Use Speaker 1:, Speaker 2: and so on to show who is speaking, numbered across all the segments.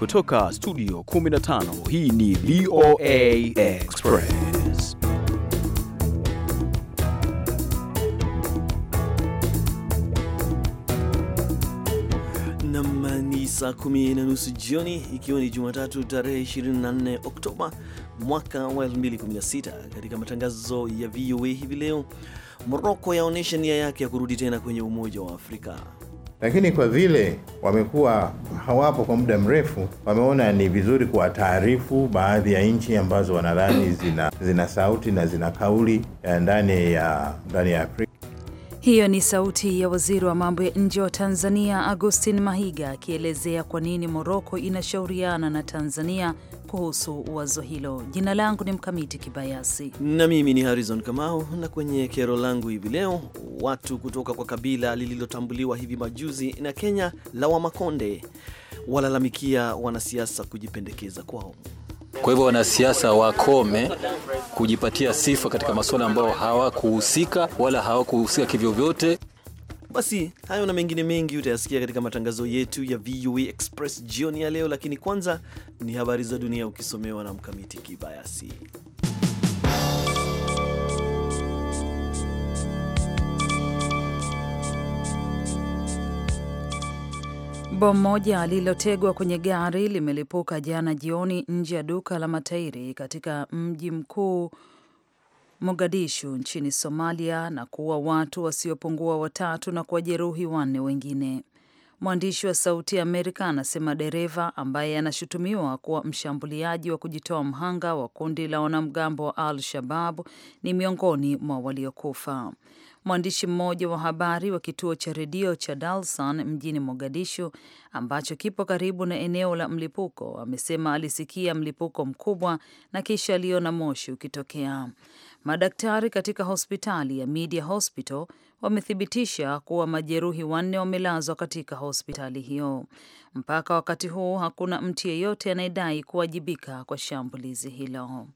Speaker 1: Kutoka studio 15 hii ni VOA Express. ni saa kumi na nusu jioni ikiwa ni Jumatatu tarehe 24 Oktoba mwaka wa 2016. Katika matangazo ya VOA hivi leo, Moroko yaonyesha nia yake ya kurudi tena kwenye Umoja wa Afrika
Speaker 2: lakini kwa vile wamekuwa hawapo kwa muda mrefu, wameona ni vizuri kuwataarifu baadhi ya nchi ambazo wanadhani zina, zina sauti na zina kauli ndani ya ndani ya Afrika.
Speaker 3: Hiyo ni sauti ya waziri wa mambo ya nje wa Tanzania Agustin Mahiga akielezea kwa nini Moroko inashauriana na Tanzania kuhusu wazo hilo. Jina langu ni Mkamiti Kibayasi
Speaker 1: na mimi ni Harrison Kamau, na kwenye kero langu hivi leo watu kutoka kwa kabila lililotambuliwa hivi majuzi na Kenya la Wamakonde walalamikia wanasiasa kujipendekeza kwao.
Speaker 4: Kwa hivyo wanasiasa wakome kujipatia sifa katika masuala ambayo hawakuhusika wala hawakuhusika kivyovyote.
Speaker 1: Basi hayo na mengine mengi utayasikia katika matangazo yetu ya VOA e Express jioni ya leo, lakini kwanza ni habari za dunia ukisomewa na Mkamiti Kibayasi.
Speaker 3: Bomu moja lililotegwa kwenye gari limelipuka jana jioni nje ya duka la matairi katika mji mkuu Mogadishu nchini Somalia na kuua watu wasiopungua watatu na kuwajeruhi wanne wengine. Mwandishi wa Sauti ya Amerika anasema dereva ambaye anashutumiwa kuwa mshambuliaji wa kujitoa mhanga wa kundi la wanamgambo wa Al shababu ni miongoni mwa waliokufa. Mwandishi mmoja wa habari wa kituo cha redio cha Dalsan mjini Mogadishu, ambacho kipo karibu na eneo la mlipuko, amesema alisikia mlipuko mkubwa na kisha aliona moshi ukitokea. Madaktari katika hospitali ya Media Hospital wamethibitisha kuwa majeruhi wanne wamelazwa katika hospitali hiyo. Mpaka wakati huu hakuna mtu yeyote anayedai kuwajibika kwa shambulizi hilo.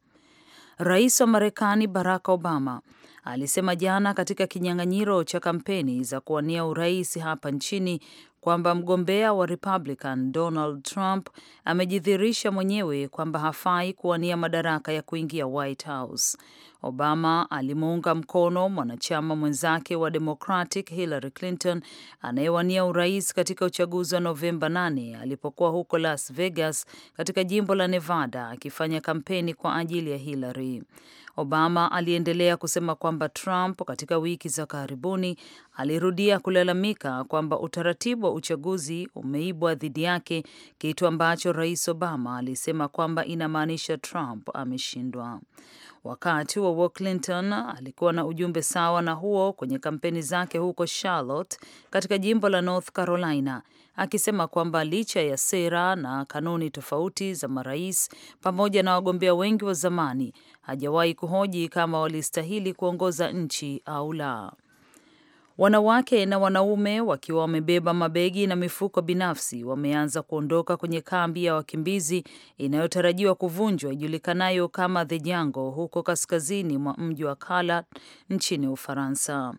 Speaker 3: Rais wa Marekani Barack Obama alisema jana katika kinyang'anyiro cha kampeni za kuwania urais hapa nchini kwamba mgombea wa Republican Donald Trump amejidhirisha mwenyewe kwamba hafai kuwania madaraka ya kuingia White House. Obama alimuunga mkono mwanachama mwenzake wa Democratic Hillary Clinton anayewania urais katika uchaguzi wa Novemba 8 alipokuwa huko Las Vegas katika jimbo la Nevada akifanya kampeni kwa ajili ya Hillary. Obama aliendelea kusema kwamba Trump katika wiki za karibuni alirudia kulalamika kwamba utaratibu wa uchaguzi umeibwa dhidi yake, kitu ambacho Rais Obama alisema kwamba inamaanisha Trump ameshindwa. Wakati wa huo Clinton alikuwa na ujumbe sawa na huo kwenye kampeni zake huko Charlotte katika jimbo la North Carolina, akisema kwamba licha ya sera na kanuni tofauti za marais pamoja na wagombea wengi wa zamani, hajawahi kuhoji kama walistahili kuongoza nchi au la. Wanawake na wanaume wakiwa wamebeba mabegi na mifuko binafsi wameanza kuondoka kwenye kambi ya wakimbizi inayotarajiwa kuvunjwa ijulikanayo kama The huko kaskazini mwa mji wa Kala nchini Ufaransa.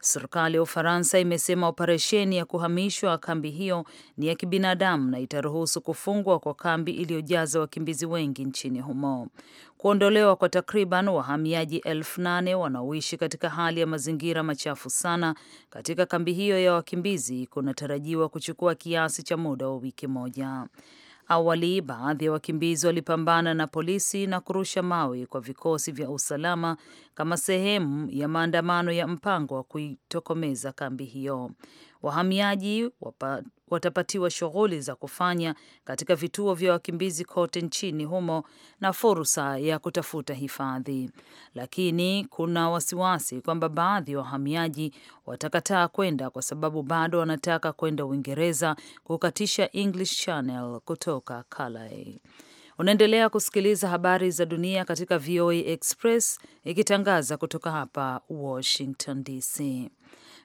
Speaker 3: Serikali ya Ufaransa imesema operesheni ya kuhamishwa kambi hiyo ni ya kibinadamu na itaruhusu kufungwa kwa kambi iliyojaza wakimbizi wengi nchini humo. Kuondolewa kwa takriban wahamiaji elfu nane wanaoishi katika hali ya mazingira machafu sana katika kambi hiyo ya wakimbizi kunatarajiwa kuchukua kiasi cha muda wa wiki moja. Awali baadhi ya wakimbizi walipambana na polisi na kurusha mawe kwa vikosi vya usalama kama sehemu ya maandamano ya mpango wa kuitokomeza kambi hiyo. Wahamiaji watapatiwa shughuli za kufanya katika vituo vya wakimbizi kote nchini humo na fursa ya kutafuta hifadhi, lakini kuna wasiwasi kwamba baadhi ya wahamiaji watakataa kwenda kwa sababu bado wanataka kwenda Uingereza kukatisha English Channel kutoka Calais. Unaendelea kusikiliza habari za dunia katika VOA Express ikitangaza kutoka hapa Washington DC.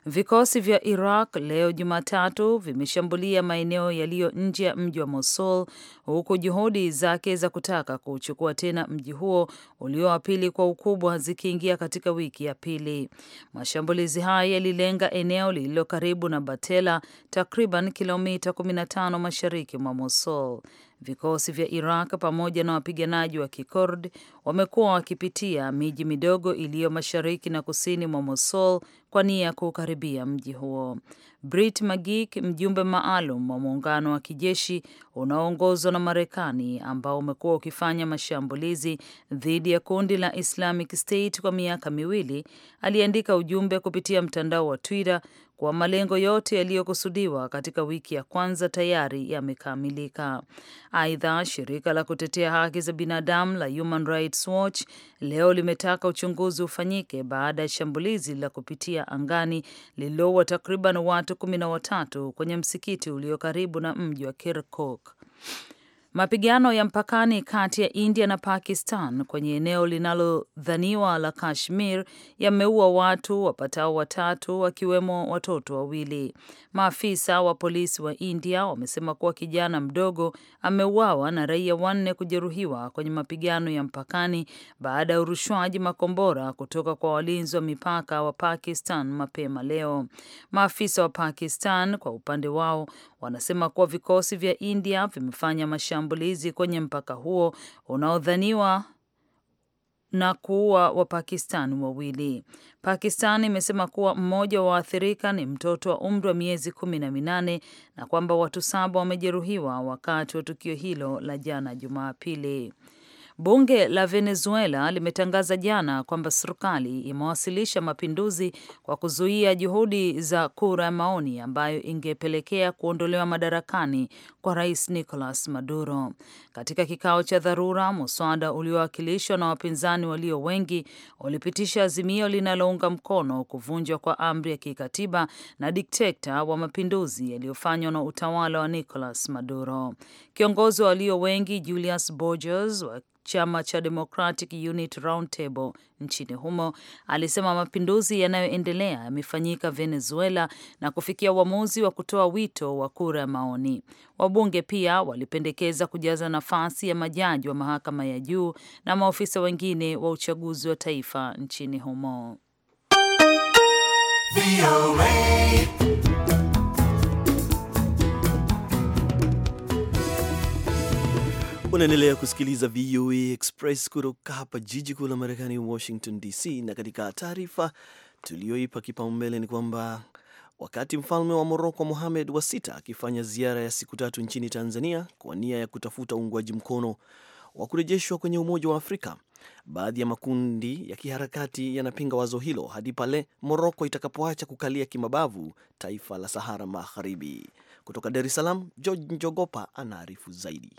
Speaker 3: Vikosi vya Iraq leo Jumatatu vimeshambulia maeneo yaliyo nje ya mji wa Mosul, huku juhudi zake za kutaka kuchukua tena mji huo ulio wa pili kwa ukubwa zikiingia katika wiki ya pili. Mashambulizi haya yalilenga eneo lililo karibu na Batela, takriban kilomita 15 mashariki mwa Mosul. Vikosi vya Iraq pamoja na wapiganaji wa Kikurd wamekuwa wakipitia miji midogo iliyo mashariki na kusini mwa Mosul kwa nia ya kuukaribia mji huo. Brit Magik, mjumbe maalum wa muungano wa kijeshi unaoongozwa na Marekani ambao umekuwa ukifanya mashambulizi dhidi ya kundi la Islamic State kwa miaka miwili, aliandika ujumbe kupitia mtandao wa Twitter kuwa malengo yote yaliyokusudiwa katika wiki ya kwanza tayari yamekamilika. Aidha, shirika la kutetea haki za binadamu la Human Rights Watch leo limetaka uchunguzi ufanyike baada ya shambulizi la kupitia angani lililoua takriban watu kumi na watatu kwenye msikiti ulio karibu na mji wa Kirkuk. Mapigano ya mpakani kati ya India na Pakistan kwenye eneo linalodhaniwa la Kashmir yameua watu wapatao watatu wakiwemo watoto wawili. Maafisa wa polisi wa India wamesema kuwa kijana mdogo ameuawa na raia wanne kujeruhiwa kwenye mapigano ya mpakani baada ya urushwaji makombora kutoka kwa walinzi wa mipaka wa Pakistan mapema leo. Maafisa wa Pakistan kwa upande wao wanasema kuwa vikosi vya India vimefanya mashambulizi kwenye mpaka huo unaodhaniwa na kuua Wapakistani wawili. Pakistan imesema kuwa mmoja wa waathirika ni mtoto wa umri wa miezi kumi na minane na kwamba watu saba wamejeruhiwa wakati wa tukio hilo la jana Jumapili. Bunge la Venezuela limetangaza jana kwamba serikali imewasilisha mapinduzi kwa kuzuia juhudi za kura ya maoni ambayo ingepelekea kuondolewa madarakani kwa rais Nicolas Maduro. Katika kikao cha dharura, muswada uliowakilishwa na wapinzani walio wengi ulipitisha azimio linalounga mkono kuvunjwa kwa amri ya kikatiba na dikteta wa mapinduzi yaliyofanywa na utawala wa Nicolas Maduro. Kiongozi walio wengi Julius Borges chama cha Democratic Unity Roundtable nchini humo alisema mapinduzi yanayoendelea yamefanyika Venezuela na kufikia uamuzi wa kutoa wito wa kura ya maoni. Wabunge pia walipendekeza kujaza nafasi ya majaji wa mahakama ya juu na maofisa wengine wa uchaguzi wa taifa nchini humo.
Speaker 1: Unaendelea kusikiliza VOA Express kutoka hapa jiji kuu la Marekani, Washington DC. Na katika taarifa tuliyoipa kipaumbele ni kwamba wakati mfalme wa Moroko Mohamed wa Sita akifanya ziara ya siku tatu nchini Tanzania kwa nia ya kutafuta uungwaji mkono wa kurejeshwa kwenye Umoja wa Afrika, baadhi ya makundi ya kiharakati yanapinga wazo hilo hadi pale Moroko itakapoacha kukalia kimabavu taifa la Sahara Magharibi. Kutoka Dar es Salaam, George Njogopa anaarifu zaidi.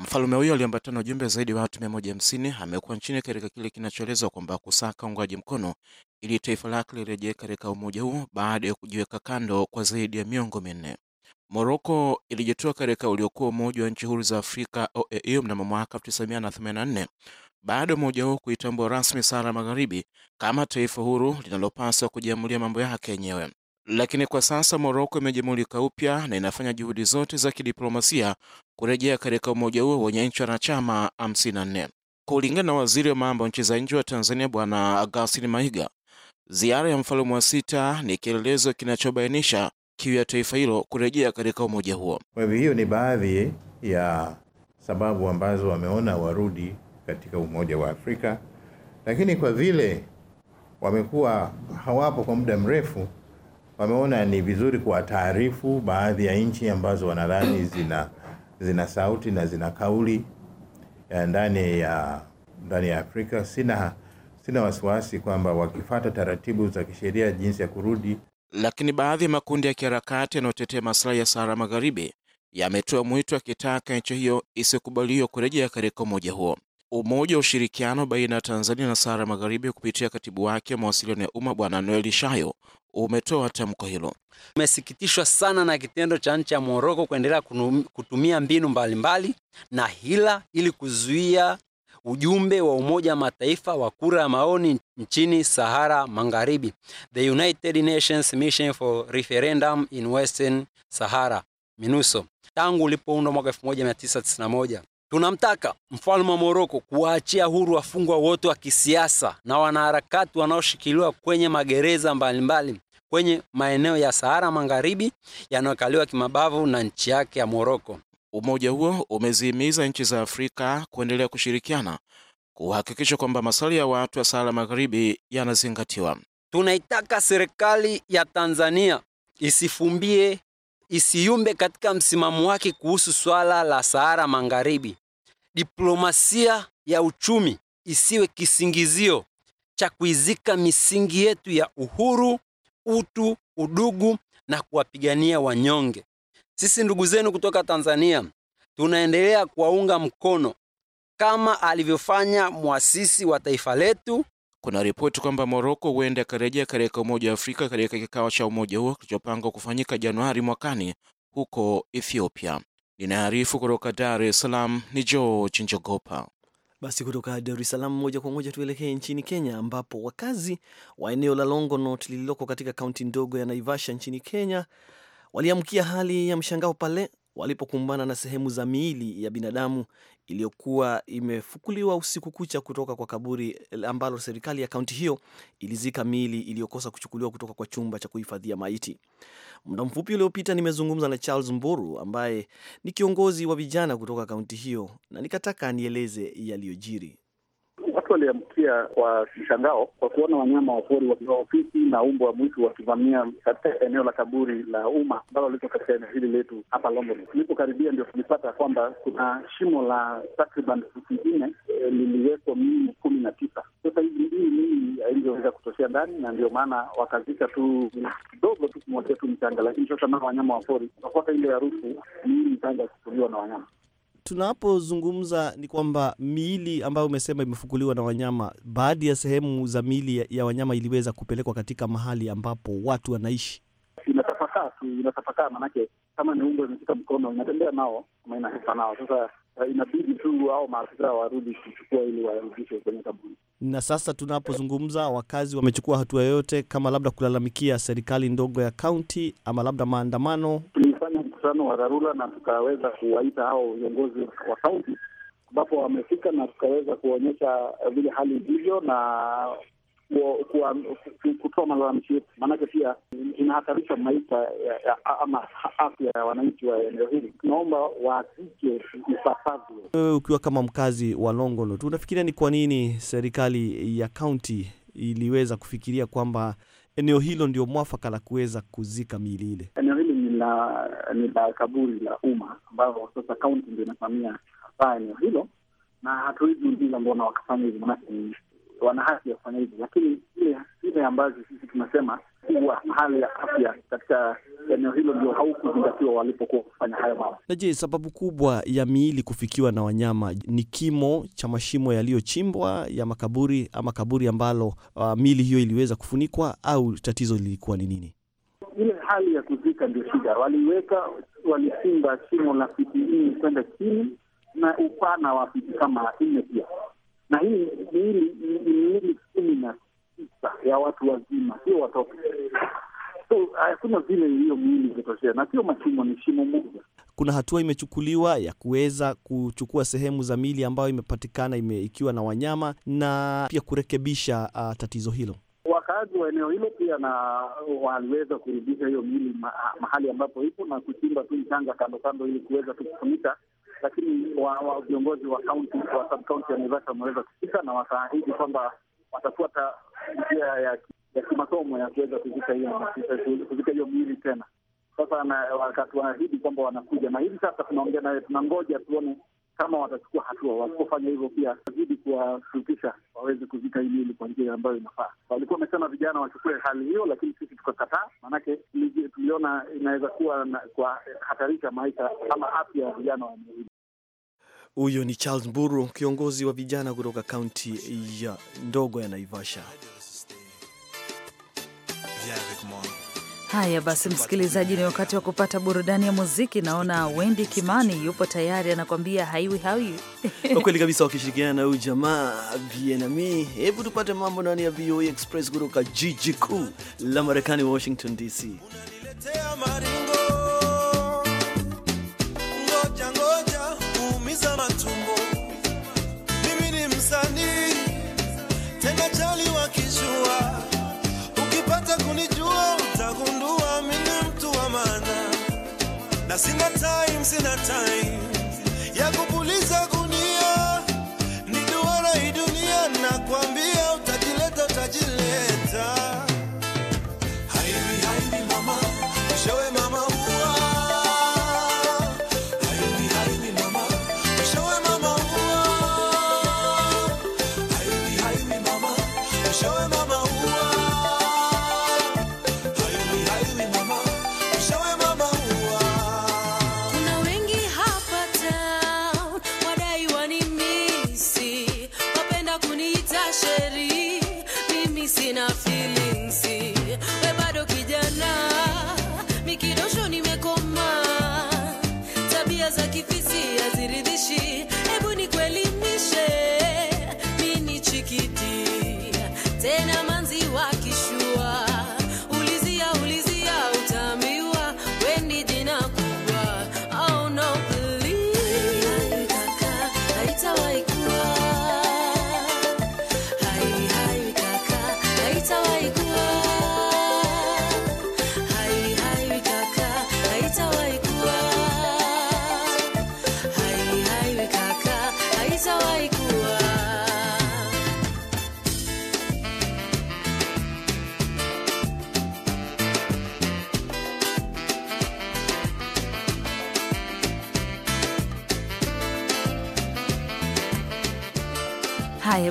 Speaker 1: Mfalume huyo aliambatana na
Speaker 5: ujumbe zaidi ya watu 150 amekuwa nchini katika kile kinachoelezwa kwamba kusaka ungaji mkono ili taifa lake lirejee katika umoja huo baada ya kujiweka kando kwa zaidi ya miongo minne. Moroko ilijitoa katika uliokuwa umoja wa nchi huru za Afrika OAU mnamo mwaka 1984 baada ya umoja huo kuitambua rasmi Sahara Magharibi kama taifa huru linalopaswa kujiamulia mambo yake yenyewe lakini kwa sasa Moroko imejimulika upya na inafanya juhudi zote za kidiplomasia kurejea katika umoja huo wenye nchi wanachama 54. Kulingana na waziri wa mambo nchi za nje wa Tanzania Bwana Augustine Mahiga, ziara ya mfalme wa sita ni kielelezo kinachobainisha kiu ya taifa hilo kurejea katika umoja huo.
Speaker 2: Kwa hivyo hiyo ni baadhi ya sababu ambazo wameona warudi katika umoja wa Afrika, lakini kwa vile wamekuwa hawapo kwa muda mrefu wameona ni vizuri kuwataarifu baadhi ya nchi ambazo wanadhani zina, zina sauti na zina kauli eh, ndani ya ndani ya Afrika. Sina, sina wasiwasi kwamba wakifata taratibu za kisheria jinsi ya kurudi.
Speaker 5: Lakini baadhi ya makundi ya kiharakati yanayotetea maslahi ya Sahara Magharibi yametoa mwito akitaka nchi hiyo isikubaliwe kurejea katika umoja huo. Umoja wa ushirikiano baina ya Tanzania na Sahara Magharibi kupitia katibu wake wa mawasiliano ya umma Bwana Noeli Shayo umetoa tamko hilo. Umesikitishwa sana na kitendo
Speaker 6: cha nchi ya Moroko kuendelea kutumia mbinu mbalimbali mbali na hila ili kuzuia ujumbe wa Umoja wa Mataifa wa kura ya maoni nchini Sahara Magharibi, The United Nations Mission for Referendum in Western Sahara MINUSO, tangu ulipoundwa mwaka 1991. Tunamtaka mfalme wa Moroko kuwaachia huru wafungwa wote wa kisiasa na wanaharakati wanaoshikiliwa kwenye magereza mbalimbali mbali kwenye maeneo ya Sahara Magharibi yanayokaliwa
Speaker 5: kimabavu na nchi yake ya Moroko. Umoja huo umezihimiza nchi za Afrika kuendelea kushirikiana kuhakikisha kwamba masuala ya watu wa Sahara Magharibi yanazingatiwa. Tunaitaka serikali ya Tanzania isifumbie
Speaker 6: isiyumbe katika msimamo wake kuhusu swala la Sahara Magharibi. Diplomasia ya uchumi isiwe kisingizio cha kuizika misingi yetu ya uhuru, utu, udugu na kuwapigania wanyonge. Sisi ndugu zenu kutoka Tanzania tunaendelea kuwaunga mkono kama alivyofanya mwasisi wa taifa letu
Speaker 5: kuna ripoti kwamba Moroko huenda ikarejea katika Umoja wa Afrika katika kikao cha umoja huo kilichopangwa kufanyika Januari mwakani huko Ethiopia. Ninaarifu kutoka Dar es Salaam ni George Njogopa.
Speaker 1: Basi kutoka Dar es Salaam moja kwa moja tuelekee nchini Kenya, ambapo wakazi wa eneo la Longonot lililoko katika kaunti ndogo ya Naivasha nchini Kenya waliamkia hali ya mshangao pale walipokumbana na sehemu za miili ya binadamu iliyokuwa imefukuliwa usiku kucha kutoka kwa kaburi ambalo serikali ya kaunti hiyo ilizika miili iliyokosa kuchukuliwa kutoka kwa chumba cha kuhifadhia maiti. Muda mfupi uliopita nimezungumza na Charles Mburu ambaye ni kiongozi wa vijana kutoka kaunti hiyo na nikataka anieleze yaliyojiri.
Speaker 7: Watu waliamkia kwa mshangao kwa kuona wanyama wa pori wakiwa ofisi na wa mwitu wakivamia katika eneo la kaburi la umma ambalo liko katika eneo hili letu hapa Longonot. Tulipokaribia ndio tulipata kwamba kuna shimo la takriban futi nne eh, liliwekwa mimi kumi na tisa. Sasa hivi hii mimi haingeweza kutoshea ndani, na ndio maana wakazika tu kidogo tu kumwachia tu mchanga, lakini sasa nao wanyama wa pori wakapata ile harufu mili mchanga kukuliwa na wanyama
Speaker 1: tunapozungumza ni kwamba miili ambayo umesema imefukuliwa na wanyama, baadhi ya sehemu za miili ya wanyama iliweza kupelekwa katika mahali ambapo watu wanaishi.
Speaker 7: Inatapakaa tu, inatapakaa maanake, kama ni umbo imefika mkono, inatembea nao ama inahepa nao. Sasa eh, inabidi tu au maafisa warudi kuchukua ili warudishe kwenye kaburi.
Speaker 1: Na sasa tunapozungumza, wakazi wamechukua hatua yoyote, kama labda kulalamikia serikali ndogo ya kaunti ama labda maandamano?
Speaker 7: mkutano wa dharura na tukaweza kuwaita hao viongozi wa kaunti, ambapo wamefika na tukaweza kuonyesha vile hali ilivyo na kutoa malalamishi yetu, maanake pia inahatarisha maisha ama afya ya wananchi wa eneo hili. Tunaomba waakike ipasavyo.
Speaker 1: Ukiwa kama mkazi wa Longonot, unafikiria ni kwa nini serikali ya kaunti iliweza kufikiria kwamba eneo hilo ndio mwafaka la kuweza kuzika miili ile?
Speaker 7: la ni la kaburi la umma ambao sasa kaunti ndio inasimamia baa eneo hilo, na hatuijiuliza mbona wakafanya hivi, manake wana haki ya kufanya hivi, lakini ile ambazo sisi tunasema kuwa hali ya afya katika eneo hilo ndio haukuzingatiwa walipokuwa kufanya hayo mao.
Speaker 1: Na je, sababu kubwa ya miili kufikiwa na wanyama ni kimo cha mashimo yaliyochimbwa ya makaburi ama kaburi ambalo uh, miili hiyo iliweza kufunikwa au tatizo lilikuwa ni nini?
Speaker 7: Ile hali ya kuzika ndio moja waliweka walisimba shimo la fiti nne kwenda chini na upana wa fiti kama nne pia, na hii ni miili kumi na tisa ya watu wazima, sio watoto. So hakuna vile hiyo miili ingetosea, na sio mashimo, ni shimo moja.
Speaker 1: Kuna hatua imechukuliwa ya kuweza kuchukua sehemu za miili ambayo imepatikana ime, ikiwa na wanyama na pia kurekebisha uh, tatizo hilo
Speaker 7: wakazi wa eneo hilo pia na waliweza kurudisha hiyo mili mahali ambapo ipo na kuchimba tu mchanga kando kando ili kuweza tu kufunika, lakini viongozi wa kaunti wa sabkaunti ya Naivasha wameweza kufika na wakaahidi kwamba watafuata njia ya ya kimasomo ya kuweza kuzika hiyo mili tena. Sasa wakatuahidi kwamba wanakuja, na hivi sasa tunaongea naye, tunangoja tuone kama watachukua hatua. Wasipofanya hivyo, pia wazidi kuwashurutisha waweze kuzika hii miili kwa njia ambayo inafaa. Walikuwa wamesema vijana wachukue hali hiyo, lakini sisi tukakataa, maanake tuliona inaweza kuwa na, kwa hatarisha maisha ama afya ya vijana wa
Speaker 1: huyo ni Charles Mburu, kiongozi wa vijana kutoka kaunti ya ndogo ya Naivasha.
Speaker 3: Haya basi, msikilizaji, ni wakati wa kupata burudani ya muziki. Naona Wendi Kimani yupo tayari, anakuambia haiwi hawi.
Speaker 1: Kwa kweli kabisa, wakishirikiana na huyu jamaa Bienami. Hebu tupate mambo ndani ya VOA e Express kutoka jiji kuu la Marekani, Washington DC.
Speaker 5: Mimi ni msanii tena chali wakijua ukipata kunijua utagundua mimi mtu wa maana na sina time, sina time ya kupuliza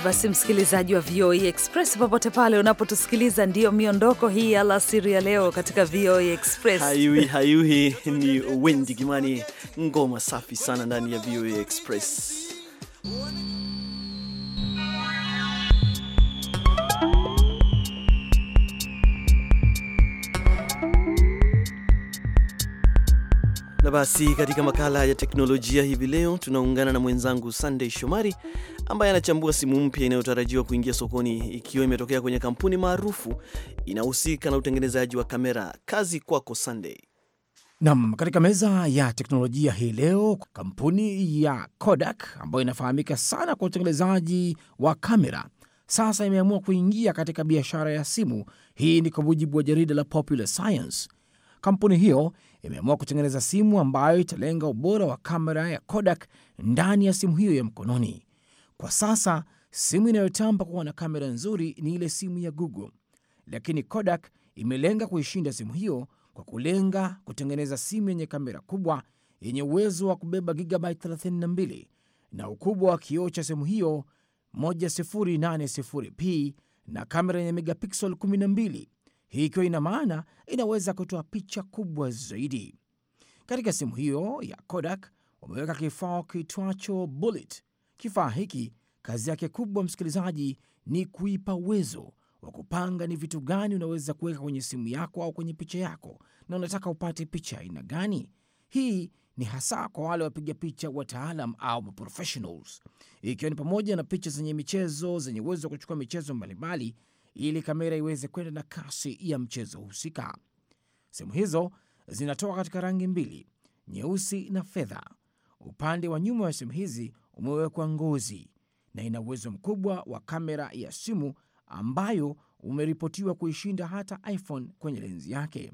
Speaker 3: basi msikilizaji wa VOA e Express popote pale unapotusikiliza, ndiyo miondoko hii ya alasiri ya leo katika VOA e Express. Hayuhi
Speaker 1: hayuhi ni Wendi Kimani, ngoma safi sana ndani ya VOA e Express. Na basi katika makala ya teknolojia hivi leo tunaungana na mwenzangu Sunday Shomari ambaye anachambua simu mpya inayotarajiwa kuingia sokoni ikiwa imetokea kwenye kampuni maarufu inahusika na utengenezaji wa kamera. Kazi kwako Sunday.
Speaker 8: Nam, katika meza ya teknolojia hii leo, kampuni ya Kodak ambayo inafahamika sana kwa utengenezaji wa kamera sasa imeamua kuingia katika biashara ya simu. Hii ni kwa mujibu wa jarida la Popular Science. Kampuni hiyo imeamua kutengeneza simu ambayo italenga ubora wa kamera ya Kodak ndani ya simu hiyo ya mkononi. Kwa sasa simu inayotamba kuwa na kamera nzuri ni ile simu ya Google, lakini Kodak imelenga kuishinda simu hiyo kwa kulenga kutengeneza simu yenye kamera kubwa yenye uwezo wa kubeba gigabyte 32 na ukubwa wa kioo cha simu hiyo 1080p na kamera yenye megapixel 12, hii ikiwa ina maana inaweza kutoa picha kubwa zaidi. Katika simu hiyo ya Kodak wameweka kifaa kitwacho Bullet Kifaa hiki kazi yake kubwa, msikilizaji, ni kuipa uwezo wa kupanga ni vitu gani unaweza kuweka kwenye simu yako au kwenye picha yako, na unataka upate picha aina gani. Hii ni hasa kwa wale wapiga picha wataalam au professionals, ikiwa ni pamoja na picha zenye michezo zenye uwezo wa kuchukua michezo mbalimbali, ili kamera iweze kwenda na kasi ya mchezo husika. Simu hizo zinatoka katika rangi mbili, nyeusi na fedha. Upande wa nyuma wa simu hizi umewekwa ngozi na ina uwezo mkubwa wa kamera ya simu ambayo umeripotiwa kuishinda hata iPhone kwenye lenzi yake.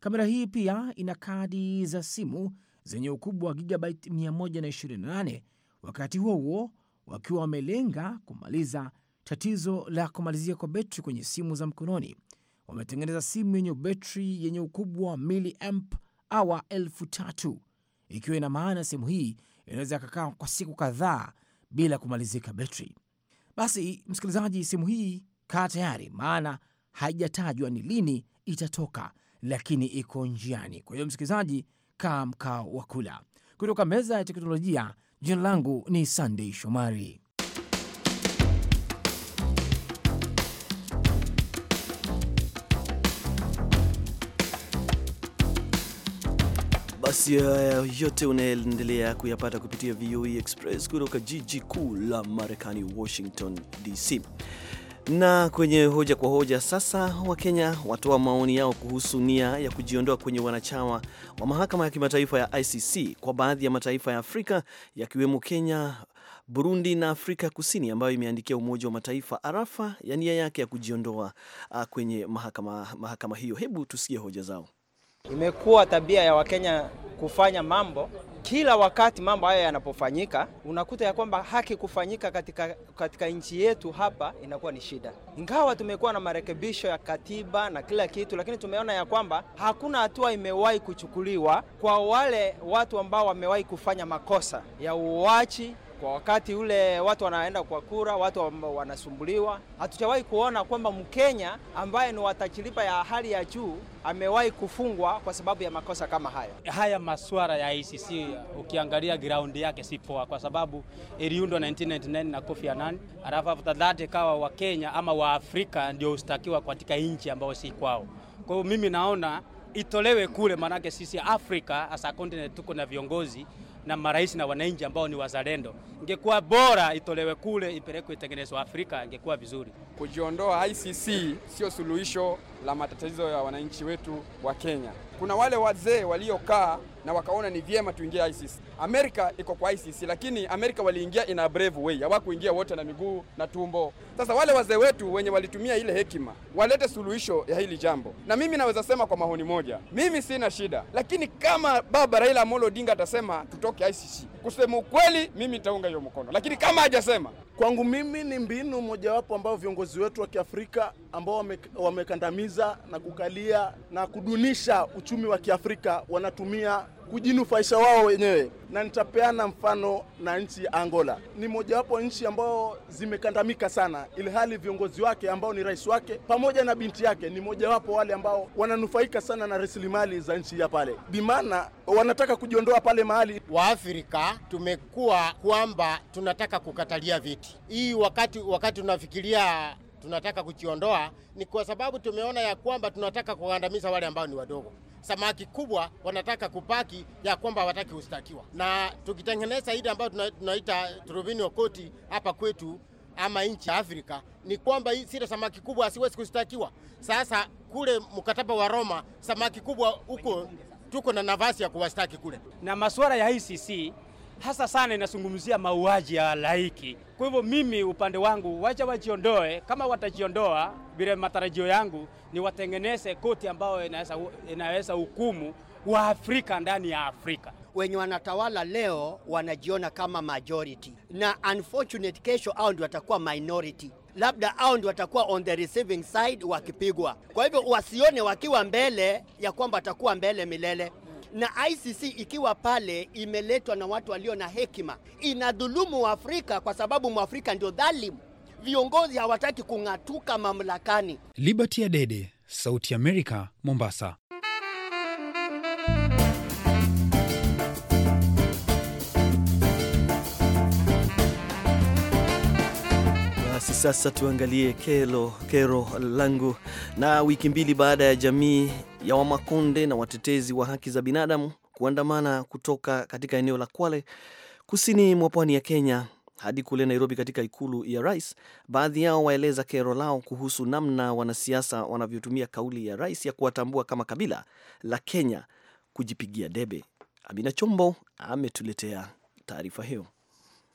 Speaker 8: Kamera hii pia ina kadi za simu zenye ukubwa wa gigabyte 128, wakati huo huo wakiwa wamelenga kumaliza tatizo la kumalizia kwa betri kwenye simu za mkononi. Wametengeneza simu yenye betri yenye ukubwa wa miliamp awa elfu tatu, ikiwa ina maana simu hii inaweza ikakaa kwa siku kadhaa bila kumalizika betri. Basi msikilizaji, simu hii kaa tayari, maana haijatajwa ni lini itatoka, lakini iko njiani. Kwa hiyo msikilizaji, kaa mkao wa kula. Kutoka meza ya teknolojia, jina langu ni sandey Shomari.
Speaker 1: Basi haya eh, yote unaendelea kuyapata kupitia VOA e Express kutoka jiji kuu la Marekani, Washington DC. Na kwenye hoja kwa hoja sasa, Wakenya watoa maoni yao kuhusu nia ya kujiondoa kwenye wanachama wa mahakama ya kimataifa ya ICC kwa baadhi ya mataifa ya Afrika yakiwemo Kenya, Burundi na Afrika Kusini ambayo imeandikia Umoja wa Mataifa arafa ya nia yake ya kujiondoa ah, kwenye mahakama, mahakama hiyo. Hebu tusikie hoja zao. Imekuwa tabia ya Wakenya
Speaker 6: kufanya mambo kila wakati mambo haya yanapofanyika unakuta ya kwamba haki kufanyika katika, katika nchi yetu hapa inakuwa ni shida. Ingawa tumekuwa na marekebisho ya katiba na kila kitu, lakini tumeona ya kwamba hakuna hatua imewahi kuchukuliwa kwa wale watu ambao wamewahi kufanya makosa ya uuaji kwa wakati ule watu wanaenda kwa kura, watu wanasumbuliwa. Hatujawahi kuona kwamba Mkenya ambaye ni watachilipa ya hali ya juu amewahi kufungwa kwa sababu ya makosa kama haya.
Speaker 5: Haya maswara ya ICC ukiangalia ground yake si poa, kwa sababu iliundwa 1999 na Kofi Annan, alafu after that ikawa Wakenya ama wa afrika ndio ustakiwa katika nchi ambayo si kwao. Kwa hiyo mimi naona itolewe kule, maanake sisi Afrika as a continent tuko na viongozi na marais na wananchi ambao ni wazalendo. Ingekuwa bora itolewe kule ipelekwe itengenezwe Afrika, ingekuwa vizuri.
Speaker 6: Kujiondoa ICC sio suluhisho la matatizo ya wananchi wetu wa Kenya. Kuna wale wazee waliokaa na wakaona ni vyema tuingie ISIS. Amerika iko kwa ICC, lakini Amerika waliingia in a brave way, hawakuingia wote na miguu na tumbo. Sasa wale wazee wetu wenye walitumia ile hekima walete suluhisho ya hili jambo, na mimi naweza sema kwa mahoni moja, mimi sina shida, lakini kama baba Raila Amolo Odinga atasema
Speaker 2: tutoke ICC,
Speaker 6: kusema ukweli, mimi nitaunga hiyo mkono,
Speaker 2: lakini kama hajasema Kwangu mimi ni mbinu mojawapo ambao viongozi wetu wa Kiafrika ambao wamekandamiza na kukalia na kudunisha uchumi wa Kiafrika wanatumia kujinufaisha wao wenyewe, na nitapeana mfano na nchi ya Angola. Ni mojawapo nchi ambao zimekandamika sana, ilhali viongozi wake ambao ni rais wake pamoja na binti yake ni mojawapo wale ambao wananufaika sana na rasilimali za nchi ya pale, bimaana wanataka kujiondoa pale mahali. Waafrika tumekuwa kwamba tunataka kukatalia viti hii, wakati wakati tunafikiria tunataka kujiondoa, ni kwa sababu tumeona ya kwamba tunataka kuandamiza wale ambao ni wadogo samaki kubwa wanataka kupaki ya kwamba hawataki kustakiwa, na tukitengeneza ile ambayo tunaita turbini okoti hapa kwetu ama nchi ya Afrika ni kwamba zile samaki kubwa asiwezi kustakiwa.
Speaker 5: Sasa kule mkataba wa Roma samaki kubwa huko tuko na nafasi ya kuwastaki kule, na masuala ya ICC hasa sana inazungumzia mauaji ya laiki. Kwa hivyo mimi upande wangu, wacha wajiondoe. Kama watajiondoa, vile matarajio yangu ni watengeneze koti ambayo inaweza, inaweza hukumu wa Afrika ndani ya
Speaker 1: Afrika. Wenye wanatawala leo wanajiona kama majority na unfortunate, kesho au ndio watakuwa minority labda au ndio watakuwa on the receiving side wakipigwa. Kwa hivyo wasione wakiwa mbele ya kwamba watakuwa mbele milele na ICC ikiwa pale imeletwa na watu walio na hekima, inadhulumu Afrika kwa sababu Mwafrika ndio dhalimu. Viongozi hawataki kung'atuka mamlakani.
Speaker 2: Liberty Adede,
Speaker 8: Sauti ya Amerika, Mombasa.
Speaker 1: Sasa tuangalie kero, kero langu. Na wiki mbili baada ya jamii ya Wamakonde na watetezi wa haki za binadamu kuandamana kutoka katika eneo la Kwale kusini mwa pwani ya Kenya hadi kule Nairobi katika ikulu ya rais, baadhi yao waeleza kero lao kuhusu namna wanasiasa wanavyotumia kauli ya rais ya kuwatambua kama kabila la Kenya kujipigia debe. Amina Chombo ametuletea taarifa hiyo.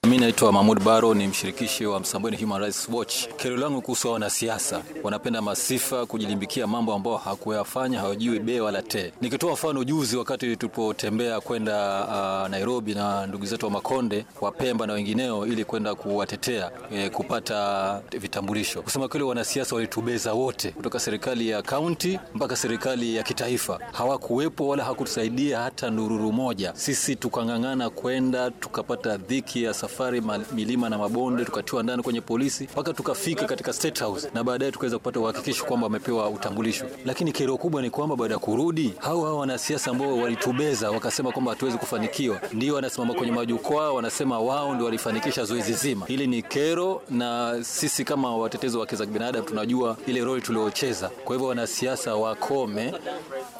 Speaker 4: Mi naitwa Mahmud Baro, ni mshirikishi wa Msambweni Human Rights Watch. Kero langu kuhusu wanasiasa, wanapenda masifa, kujilimbikia mambo ambayo hakuyafanya, hawajui be wala te. Nikitoa mfano, juzi wakati tulipotembea kwenda uh, Nairobi na ndugu zetu wa Makonde wa Pemba na wengineo, ili kwenda kuwatetea eh, kupata vitambulisho, kusema kweli, wanasiasa walitubeza wote, kutoka serikali ya kaunti mpaka serikali ya kitaifa, hawakuwepo wala hakutusaidia hata nururu moja. Sisi tukang'ang'ana kwenda tukapata dhiki ya safari milima na mabonde, tukatiwa ndani kwenye polisi mpaka tukafika katika State House, na baadaye tukaweza kupata uhakikisho kwamba wamepewa utambulisho. Lakini kero kubwa ni kwamba baada ya kurudi, hao hao wanasiasa ambao walitubeza wakasema kwamba hatuwezi kufanikiwa, ndio wanasimama kwenye majukwaa wanasema wao ndio walifanikisha zoezi zima. Hili ni kero, na sisi kama watetezi wa haki za tunajua ile roli tuliocheza. Kwa hivyo wanasiasa wakome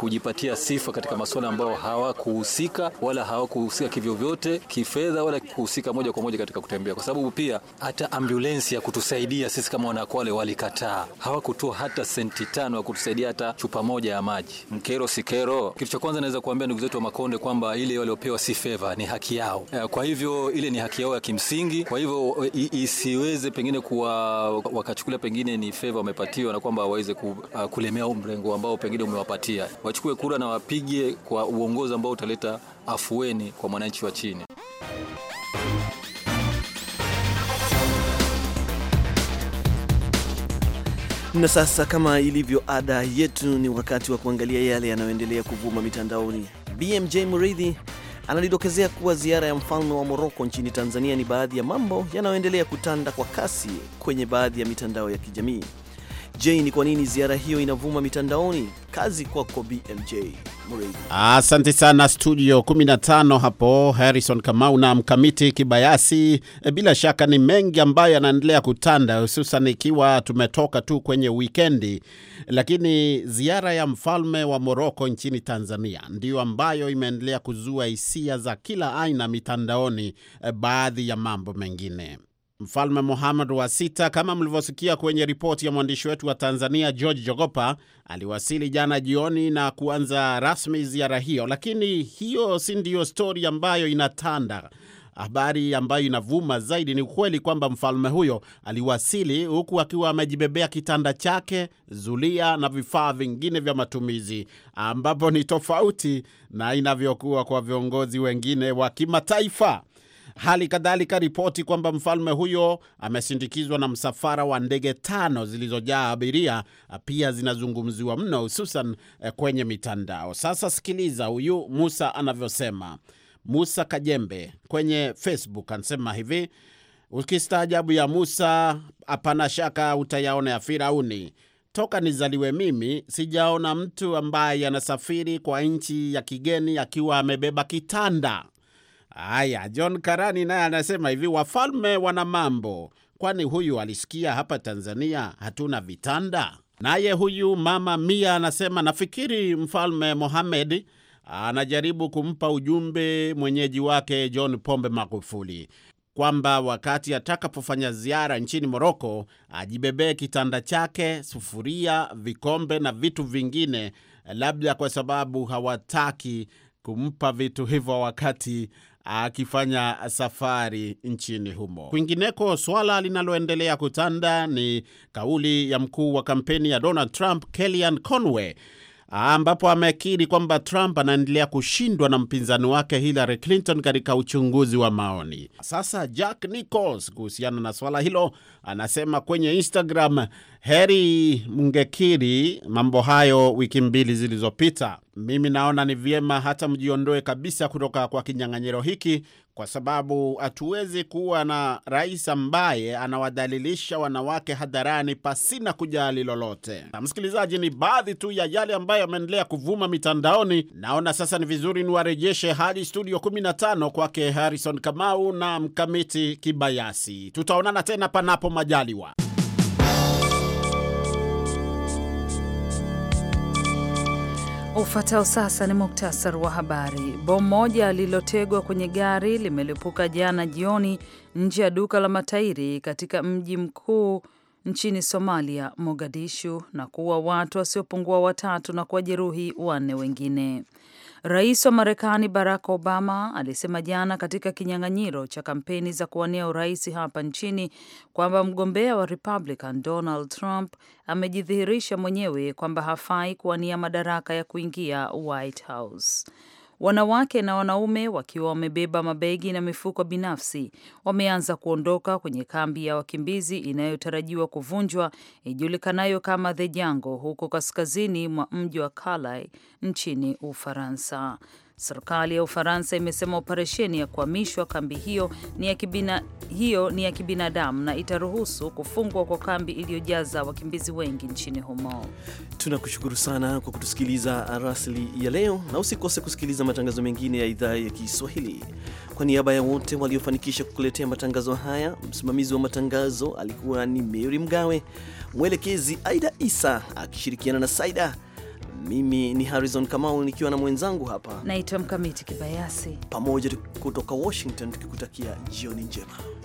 Speaker 4: kujipatia sifa katika masuala ambayo hawakuhusika wala hawakuhusika kivyovyote kifedha wala kuhusika moja kwa moja katika kutembea, kwa sababu pia hata ambulensi ya kutusaidia sisi kama wanakwale walikataa, hawakutoa hata senti tano ya kutusaidia hata chupa moja ya maji. Mkero sikero. Kitu cha kwanza naweza kuambia ndugu zetu wa Makonde kwamba ile waliopewa si feva, ni haki yao. Eh, kwa hivyo ile ni haki yao ya kimsingi, kwa hivyo isiweze pengine kuwa wakachukulia pengine ni feva wamepatiwa na kwamba waweze uh, kulemea mrengo ambao pengine umewapatia wachukue kura na wapige kwa uongozi ambao utaleta afueni kwa mwananchi wa chini.
Speaker 1: Na sasa kama ilivyo ada yetu, ni wakati wa kuangalia yale yanayoendelea kuvuma mitandaoni. BMJ Muridhi analidokezea kuwa ziara ya mfalme wa Moroko nchini Tanzania ni baadhi ya mambo yanayoendelea kutanda kwa kasi kwenye baadhi ya mitandao ya kijamii. Je, ni kwa nini ziara hiyo inavuma mitandaoni? Kazi kwako BMJ Muridi.
Speaker 2: Asante sana studio 15 hapo Harrison Kamau na mkamiti Kibayasi. E, bila shaka ni mengi ambayo yanaendelea kutanda, hususan ikiwa tumetoka tu kwenye wikendi, lakini ziara ya mfalme wa Moroko nchini Tanzania ndiyo ambayo imeendelea kuzua hisia za kila aina mitandaoni, e, baadhi ya mambo mengine Mfalme Mohammed wa sita, kama mlivyosikia kwenye ripoti ya mwandishi wetu wa Tanzania George Jogopa, aliwasili jana jioni na kuanza rasmi ziara hiyo. Lakini hiyo si ndiyo stori ambayo inatanda. Habari ambayo inavuma zaidi ni ukweli kwamba mfalme huyo aliwasili huku akiwa amejibebea kitanda chake, zulia na vifaa vingine vya matumizi, ambapo ni tofauti na inavyokuwa kwa viongozi wengine wa kimataifa. Hali kadhalika ripoti kwamba mfalme huyo amesindikizwa na msafara wa ndege tano zilizojaa abiria pia zinazungumziwa mno, hususan eh, kwenye mitandao. Sasa sikiliza huyu Musa anavyosema. Musa Kajembe kwenye Facebook anasema hivi: Ukistaajabu ya Musa, hapana shaka utayaona ya Firauni. Toka nizaliwe mimi sijaona mtu ambaye anasafiri kwa nchi ya kigeni akiwa amebeba kitanda. Haya, John Karani naye anasema hivi, wafalme wana mambo, kwani huyu alisikia hapa Tanzania hatuna vitanda? Naye huyu mama Mia anasema nafikiri mfalme Mohamed anajaribu kumpa ujumbe mwenyeji wake John Pombe Magufuli kwamba wakati atakapofanya ziara nchini Moroko ajibebee kitanda chake, sufuria, vikombe na vitu vingine, labda kwa sababu hawataki kumpa vitu hivyo wakati akifanya safari nchini humo. Kwingineko, swala linaloendelea kutanda ni kauli ya mkuu wa kampeni ya Donald Trump, Kellyanne Conway ambapo amekiri kwamba Trump anaendelea kushindwa na mpinzani wake Hillary Clinton katika uchunguzi wa maoni. Sasa Jack Nichols, kuhusiana na swala hilo, anasema kwenye Instagram, heri mngekiri mambo hayo wiki mbili zilizopita. Mimi naona ni vyema hata mjiondoe kabisa kutoka kwa kinyang'anyiro hiki kwa sababu hatuwezi kuwa na rais ambaye anawadhalilisha wanawake hadharani pasina kujali lolote. Na msikilizaji, ni baadhi tu ya yale ambayo yameendelea kuvuma mitandaoni. Naona sasa ni vizuri niwarejeshe hadi studio 15 kwake Harrison Kamau na Mkamiti Kibayasi. Tutaonana
Speaker 3: tena panapo majaliwa. Ufuatao sasa ni muktasari wa habari. Bomu moja lililotegwa kwenye gari limelipuka jana jioni nje ya duka la matairi katika mji mkuu nchini Somalia, Mogadishu, na kuua watu wasiopungua watatu na kuwajeruhi wanne wengine. Rais wa Marekani Barack Obama alisema jana katika kinyang'anyiro cha kampeni za kuwania urais hapa nchini kwamba mgombea wa Republican Donald Trump amejidhihirisha mwenyewe kwamba hafai kuwania madaraka ya kuingia White House. Wanawake na wanaume wakiwa wamebeba mabegi na mifuko binafsi wameanza kuondoka kwenye kambi ya wakimbizi inayotarajiwa kuvunjwa ijulikanayo kama The Jango huko kaskazini mwa mji wa Calais nchini Ufaransa. Serikali ya Ufaransa imesema operesheni ya kuhamishwa kambi hiyo ni ya kibina, hiyo ni ya kibinadamu na itaruhusu kufungwa kwa kambi iliyojaza wakimbizi wengi nchini humo.
Speaker 1: Tunakushukuru sana kwa kutusikiliza rasli ya leo, na usikose kusikiliza matangazo mengine ya idhaa ya Kiswahili. Kwa niaba ya wote waliofanikisha kukuletea matangazo haya, msimamizi wa matangazo alikuwa ni Mary Mgawe, mwelekezi Aida Isa akishirikiana na Saida mimi ni Harrison Kamau nikiwa na mwenzangu hapa
Speaker 3: naitwa Mkamiti Kibayasi,
Speaker 1: pamoja kutoka Washington tukikutakia jioni njema.